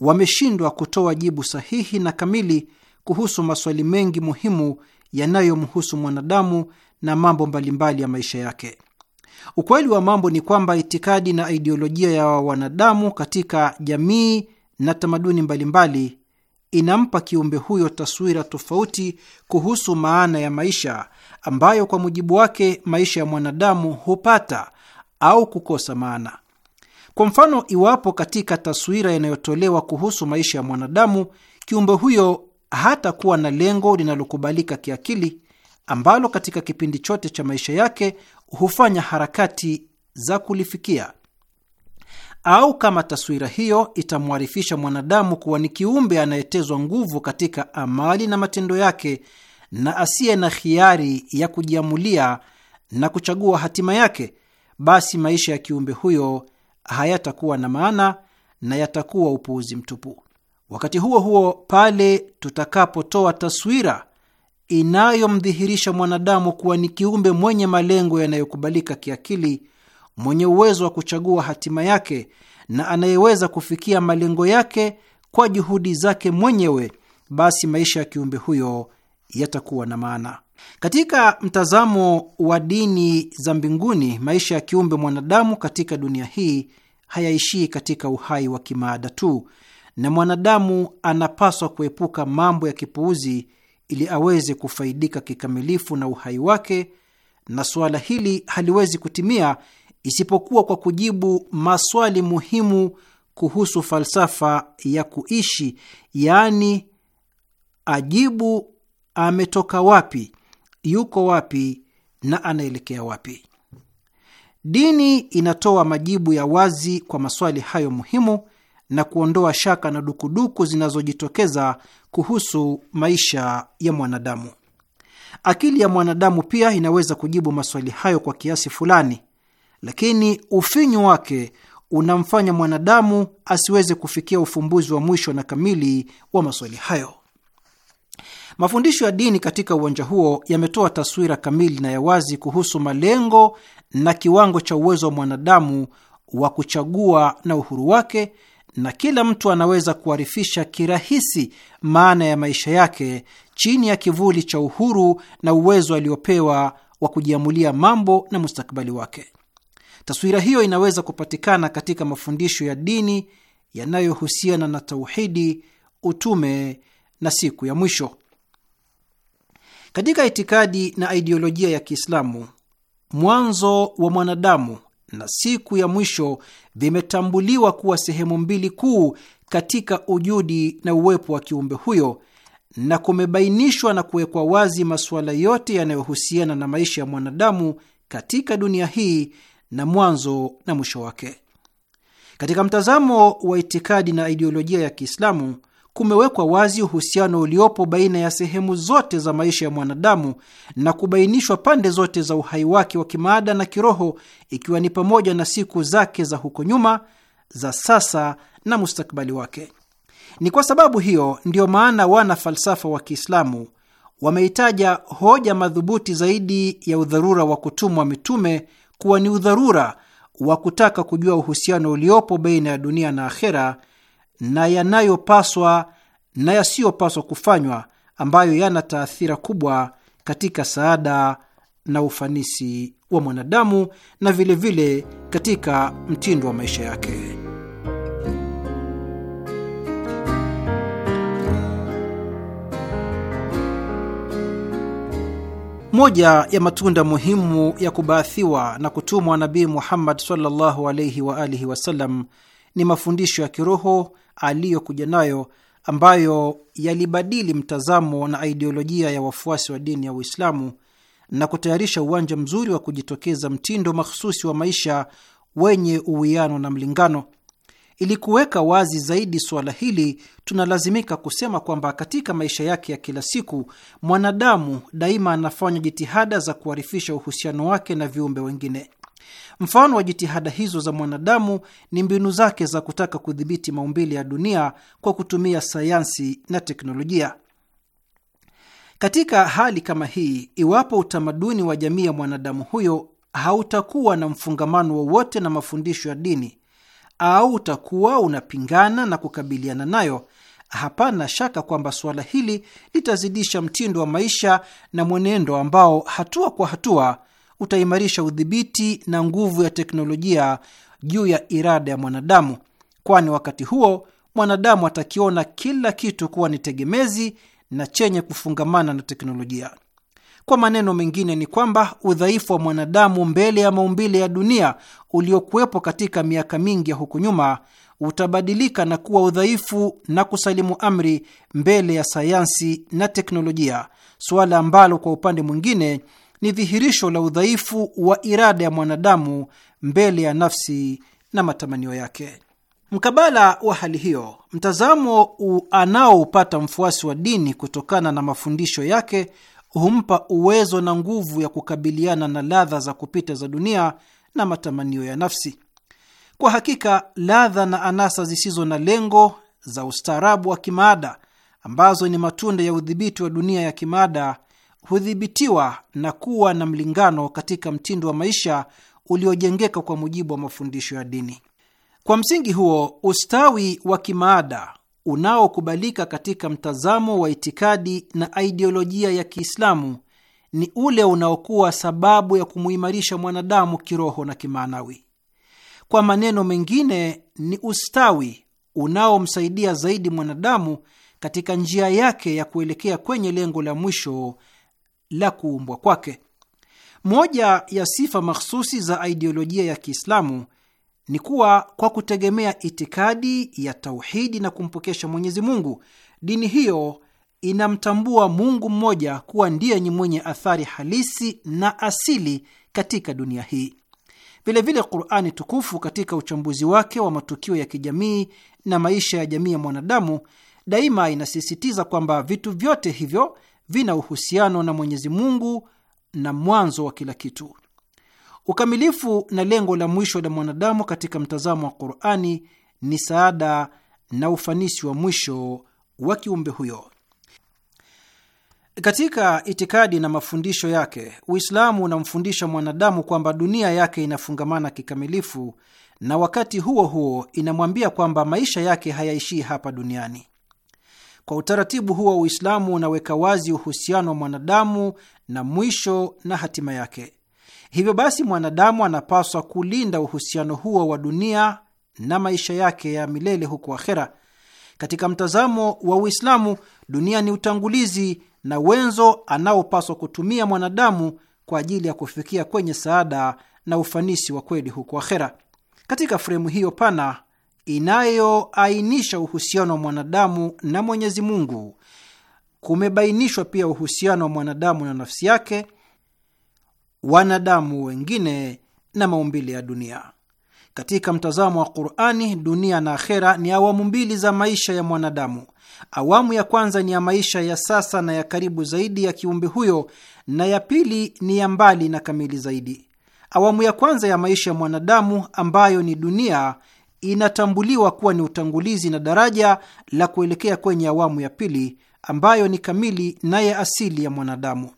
Speaker 5: wameshindwa kutoa jibu sahihi na kamili kuhusu maswali mengi muhimu yanayomhusu mwanadamu na mambo mbalimbali ya maisha yake. Ukweli wa mambo ni kwamba itikadi na idiolojia ya wanadamu katika jamii na tamaduni mbalimbali inampa kiumbe huyo taswira tofauti kuhusu maana ya maisha ambayo kwa mujibu wake maisha ya mwanadamu hupata au kukosa maana. Kwa mfano, iwapo katika taswira inayotolewa kuhusu maisha ya mwanadamu kiumbe huyo hatakuwa na lengo linalokubalika kiakili, ambalo katika kipindi chote cha maisha yake hufanya harakati za kulifikia, au kama taswira hiyo itamwarifisha mwanadamu kuwa ni kiumbe anayetezwa nguvu katika amali na matendo yake na asiye na hiari ya kujiamulia na kuchagua hatima yake, basi maisha ya kiumbe huyo hayatakuwa na maana na yatakuwa upuuzi mtupu. Wakati huo huo, pale tutakapotoa taswira inayomdhihirisha mwanadamu kuwa ni kiumbe mwenye malengo yanayokubalika kiakili, mwenye uwezo wa kuchagua hatima yake na anayeweza kufikia malengo yake kwa juhudi zake mwenyewe, basi maisha ya kiumbe huyo yatakuwa na maana. Katika mtazamo wa dini za mbinguni, maisha ya kiumbe mwanadamu katika dunia hii hayaishii katika uhai wa kimaada tu, na mwanadamu anapaswa kuepuka mambo ya kipuuzi ili aweze kufaidika kikamilifu na uhai wake, na suala hili haliwezi kutimia isipokuwa kwa kujibu maswali muhimu kuhusu falsafa ya kuishi, yaani ajibu ametoka wapi yuko wapi na anaelekea wapi. Dini inatoa majibu ya wazi kwa maswali hayo muhimu na kuondoa shaka na dukuduku zinazojitokeza kuhusu maisha ya mwanadamu. Akili ya mwanadamu pia inaweza kujibu maswali hayo kwa kiasi fulani, lakini ufinyu wake unamfanya mwanadamu asiweze kufikia ufumbuzi wa mwisho na kamili wa maswali hayo. Mafundisho ya dini katika uwanja huo yametoa taswira kamili na ya wazi kuhusu malengo na kiwango cha uwezo wa mwanadamu wa kuchagua na uhuru wake, na kila mtu anaweza kuarifisha kirahisi maana ya maisha yake chini ya kivuli cha uhuru na uwezo aliopewa wa kujiamulia mambo na mustakabali wake. Taswira hiyo inaweza kupatikana katika mafundisho ya dini yanayohusiana na tauhidi, utume na siku ya mwisho. Katika itikadi na ideolojia ya Kiislamu, mwanzo wa mwanadamu na siku ya mwisho vimetambuliwa kuwa sehemu mbili kuu katika ujudi na uwepo wa kiumbe huyo, na kumebainishwa na kuwekwa wazi masuala yote yanayohusiana na maisha ya mwanadamu katika dunia hii na mwanzo na mwisho wake. Katika mtazamo wa itikadi na idiolojia ya Kiislamu, kumewekwa wazi uhusiano uliopo baina ya sehemu zote za maisha ya mwanadamu na kubainishwa pande zote za uhai wake wa kimaada na kiroho, ikiwa ni pamoja na siku zake za huko nyuma, za sasa na mustakabali wake. Ni kwa sababu hiyo ndiyo maana wana falsafa wa Kiislamu wameitaja hoja madhubuti zaidi ya udharura wa kutumwa mitume kuwa ni udharura wa kutaka kujua uhusiano uliopo baina ya dunia na akhera na yanayopaswa na yasiyopaswa kufanywa ambayo yana taathira kubwa katika saada na ufanisi wa mwanadamu na vilevile vile katika mtindo wa maisha yake. Moja ya matunda muhimu ya kubaathiwa na kutumwa Nabii Muhammad sallallahu alaihi wa alihi wasallam ni mafundisho ya kiroho aliyokuja nayo ambayo yalibadili mtazamo na ideolojia ya wafuasi wa dini ya Uislamu na kutayarisha uwanja mzuri wa kujitokeza mtindo mahsusi wa maisha wenye uwiano na mlingano. Ili kuweka wazi zaidi suala hili, tunalazimika kusema kwamba katika maisha yake ya kila siku mwanadamu daima anafanya jitihada za kuharifisha uhusiano wake na viumbe wengine. Mfano wa jitihada hizo za mwanadamu ni mbinu zake za kutaka kudhibiti maumbile ya dunia kwa kutumia sayansi na teknolojia. Katika hali kama hii, iwapo utamaduni wa jamii ya mwanadamu huyo hautakuwa na mfungamano wowote na mafundisho ya dini au utakuwa unapingana na kukabiliana nayo, hapana shaka kwamba suala hili litazidisha mtindo wa maisha na mwenendo ambao hatua kwa hatua utaimarisha udhibiti na nguvu ya teknolojia juu ya irada ya mwanadamu, kwani wakati huo mwanadamu atakiona kila kitu kuwa ni tegemezi na chenye kufungamana na teknolojia. Kwa maneno mengine ni kwamba udhaifu wa mwanadamu mbele ya maumbile ya dunia uliokuwepo katika miaka mingi ya huko nyuma utabadilika na kuwa udhaifu na kusalimu amri mbele ya sayansi na teknolojia, suala ambalo kwa upande mwingine ni dhihirisho la udhaifu wa irada ya mwanadamu mbele ya nafsi na matamanio yake. Mkabala wa hali hiyo, mtazamo anaoupata mfuasi wa dini kutokana na mafundisho yake humpa uwezo na nguvu ya kukabiliana na ladha za kupita za dunia na matamanio ya nafsi. Kwa hakika, ladha na anasa zisizo na lengo za ustaarabu wa kimaada ambazo ni matunda ya udhibiti wa dunia ya kimaada hudhibitiwa na kuwa na mlingano katika mtindo wa maisha uliojengeka kwa mujibu wa mafundisho ya dini. Kwa msingi huo, ustawi wa kimaada unaokubalika katika mtazamo wa itikadi na aidiolojia ya Kiislamu ni ule unaokuwa sababu ya kumuimarisha mwanadamu kiroho na kimaanawi. Kwa maneno mengine, ni ustawi unaomsaidia zaidi mwanadamu katika njia yake ya kuelekea kwenye lengo la mwisho la kuumbwa kwake. Moja ya sifa mahsusi za aidiolojia ya Kiislamu ni kuwa kwa kutegemea itikadi ya tauhidi na kumpokesha Mwenyezi Mungu, dini hiyo inamtambua Mungu mmoja kuwa ndiye ni mwenye athari halisi na asili katika dunia hii. Vilevile, Qurani tukufu katika uchambuzi wake wa matukio ya kijamii na maisha ya jamii ya mwanadamu daima inasisitiza kwamba vitu vyote hivyo vina uhusiano na Mwenyezi Mungu na mwanzo wa kila kitu. Ukamilifu na lengo la mwisho la mwanadamu katika mtazamo wa Qur'ani ni saada na ufanisi wa mwisho wa kiumbe huyo. Katika itikadi na mafundisho yake, Uislamu unamfundisha mwanadamu kwamba dunia yake inafungamana kikamilifu, na wakati huo huo inamwambia kwamba maisha yake hayaishii hapa duniani. Kwa utaratibu huo Uislamu unaweka wazi uhusiano wa mwanadamu na mwisho na hatima yake. Hivyo basi, mwanadamu anapaswa kulinda uhusiano huo wa dunia na maisha yake ya milele huko akhera. Katika mtazamo wa Uislamu, dunia ni utangulizi na wenzo anaopaswa kutumia mwanadamu kwa ajili ya kufikia kwenye saada na ufanisi wa kweli huko akhera. Katika fremu hiyo pana inayoainisha uhusiano wa mwanadamu na Mwenyezi Mungu, kumebainishwa pia uhusiano wa mwanadamu na nafsi yake, wanadamu wengine na maumbile ya dunia. Katika mtazamo wa Qur'ani, dunia na akhera ni awamu mbili za maisha ya mwanadamu. Awamu ya kwanza ni ya maisha ya sasa na ya karibu zaidi ya kiumbe huyo, na ya pili ni ya mbali na kamili zaidi. Awamu ya kwanza ya maisha ya mwanadamu ambayo ni dunia inatambuliwa kuwa ni utangulizi na daraja la kuelekea kwenye awamu ya pili ambayo ni kamili na ya asili ya mwanadamu.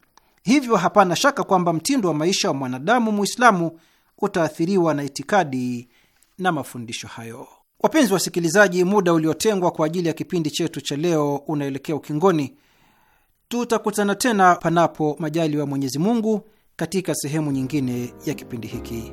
Speaker 5: Hivyo hapana shaka kwamba mtindo wa maisha wa mwanadamu Muislamu utaathiriwa na itikadi na mafundisho hayo. Wapenzi wasikilizaji, muda uliotengwa kwa ajili ya kipindi chetu cha leo unaelekea ukingoni. Tutakutana tena panapo majaliwa wa Mwenyezi Mungu katika sehemu nyingine ya kipindi hiki.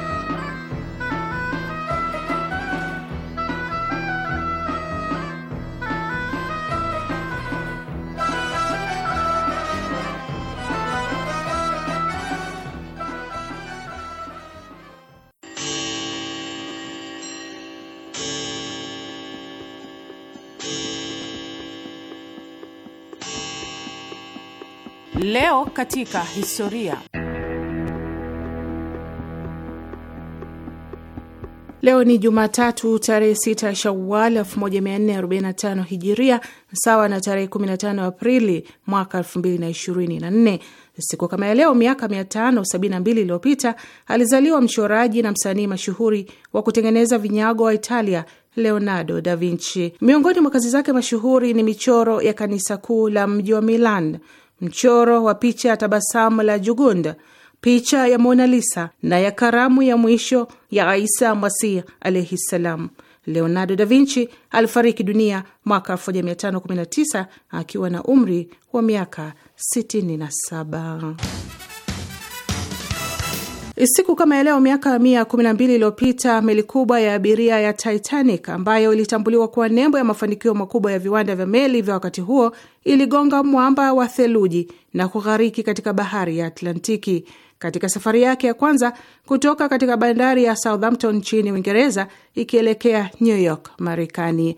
Speaker 2: Leo katika historia. Leo ni Jumatatu tarehe 6 Shawal 1445 Hijiria, sawa na tarehe 15 Aprili mwaka 2024. Siku kama ya leo miaka 572 iliyopita alizaliwa mchoraji na msanii mashuhuri wa kutengeneza vinyago wa Italia, Leonardo da Vinci. Miongoni mwa kazi zake mashuhuri ni michoro ya kanisa kuu la mji wa Milan, mchoro wa picha ya tabasamu la Jugunda, picha ya Mona Lisa na ya karamu ya mwisho ya Isa Masih alaihi ssalam. Leonardo da Vinci alifariki dunia mwaka 1519 akiwa na umri wa miaka 67. Eh, siku kama ya leo miaka mia kumi na mbili iliyopita meli kubwa ya abiria ya Titanic ambayo ilitambuliwa kuwa nembo ya mafanikio makubwa ya viwanda vya meli vya wakati huo iligonga mwamba wa theluji na kughariki katika bahari ya Atlantiki. Katika safari yake ya kwanza kutoka katika bandari ya Southampton nchini Uingereza ikielekea New York, Marekani.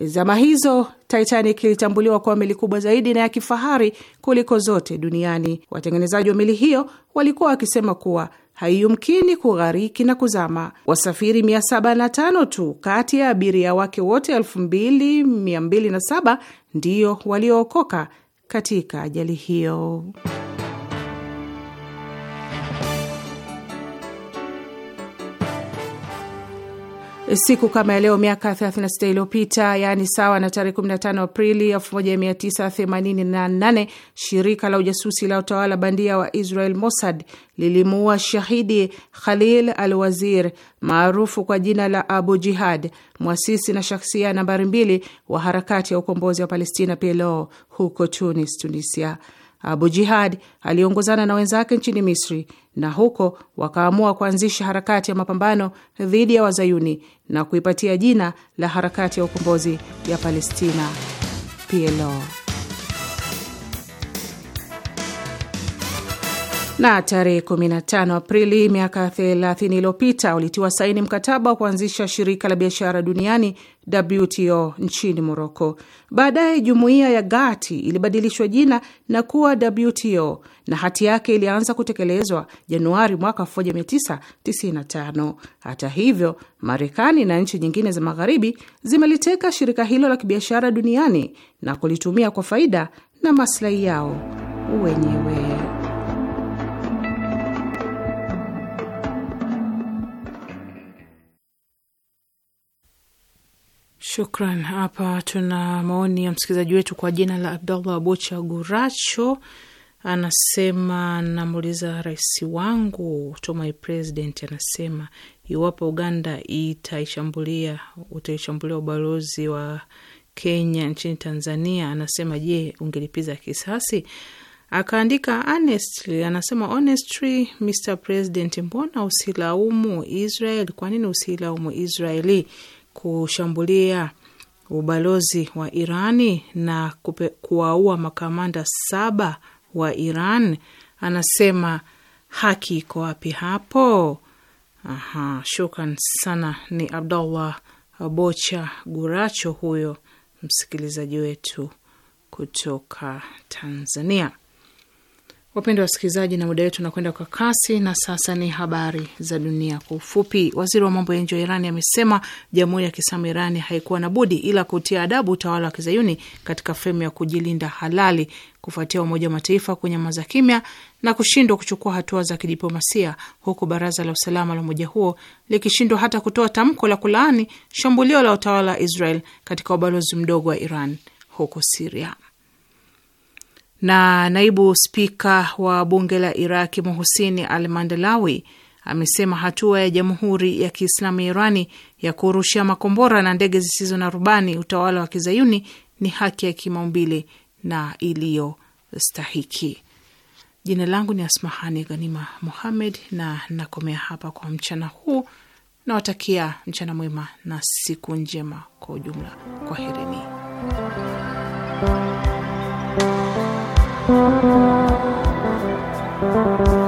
Speaker 2: Zama hizo Titanic ilitambuliwa kuwa meli kubwa zaidi na ya kifahari kuliko zote duniani. Watengenezaji wa meli hiyo walikuwa wakisema kuwa haiyumkini kughariki na kuzama. Wasafiri 705 tu kati ya abiria wake wote 2207 ndiyo waliookoka katika ajali hiyo. Siku kama ya leo miaka 36 iliyopita, yaani sawa na tarehe 15 Aprili 1988, shirika la ujasusi la utawala bandia wa Israel Mossad lilimuua shahidi Khalil al-Wazir maarufu kwa jina la Abu Jihad, mwasisi na shakhsia nambari mbili wa harakati ya ukombozi wa Palestina PLO huko Tunis, Tunisia. Abu Jihad aliongozana na wenzake nchini Misri na huko wakaamua kuanzisha harakati ya mapambano dhidi ya Wazayuni na kuipatia jina la harakati ya ukombozi ya Palestina, PLO. Na tarehe 15 Aprili miaka 30 iliyopita ulitiwa saini mkataba wa kuanzisha shirika la biashara duniani WTO nchini Moroko. Baadaye jumuiya ya Gati ilibadilishwa jina na kuwa WTO na hati yake ilianza kutekelezwa Januari mwaka 1995. Hata hivyo, Marekani na nchi nyingine za Magharibi zimeliteka shirika hilo la kibiashara duniani na kulitumia kwa faida na maslahi yao wenyewe. Shukran. Hapa tuna maoni ya msikilizaji wetu kwa jina la Abdallah Bocha Guracho, anasema namuuliza rais wangu Tomai president, anasema iwapo Uganda itaishambulia utaishambulia ubalozi wa Kenya nchini Tanzania, anasema je, ungelipiza kisasi? Akaandika honestly, anasema honestly, Mr President, mbona usilaumu Israel? Kwa nini usilaumu Israeli? kushambulia ubalozi wa Irani na kuwaua makamanda saba wa Iran, anasema haki iko wapi hapo? Aha, shukran sana. Ni Abdallah Bocha Guracho huyo msikilizaji wetu kutoka Tanzania. Wapendwa wasikilizaji, na muda wetu unakwenda kwa kasi, na sasa ni habari za dunia kwa ufupi. Waziri wa mambo ya nje wa Irani amesema jamhuri ya Kiislamu Irani haikuwa na budi ila kutia adabu utawala wa kizayuni katika fremu ya kujilinda halali kufuatia Umoja wa Mataifa kunyamaza kimya na kushindwa kuchukua hatua za kidiplomasia, huku Baraza la Usalama la umoja huo likishindwa hata kutoa tamko la kulaani shambulio la utawala wa Israel katika ubalozi mdogo wa Iran huko Siria. Na naibu spika wa bunge la Iraki Muhusini Al Mandelawi amesema hatua ya Jamhuri ya Kiislamu ya Irani ya kurushia makombora na ndege zisizo na rubani utawala wa kizayuni ni haki ya kimaumbile na iliyo stahiki Jina langu ni Asmahani Ghanima Muhammed na nakomea hapa kwa mchana huu. Nawatakia mchana mwema na siku njema kwa ujumla. Kwaherini.
Speaker 7: Thank you.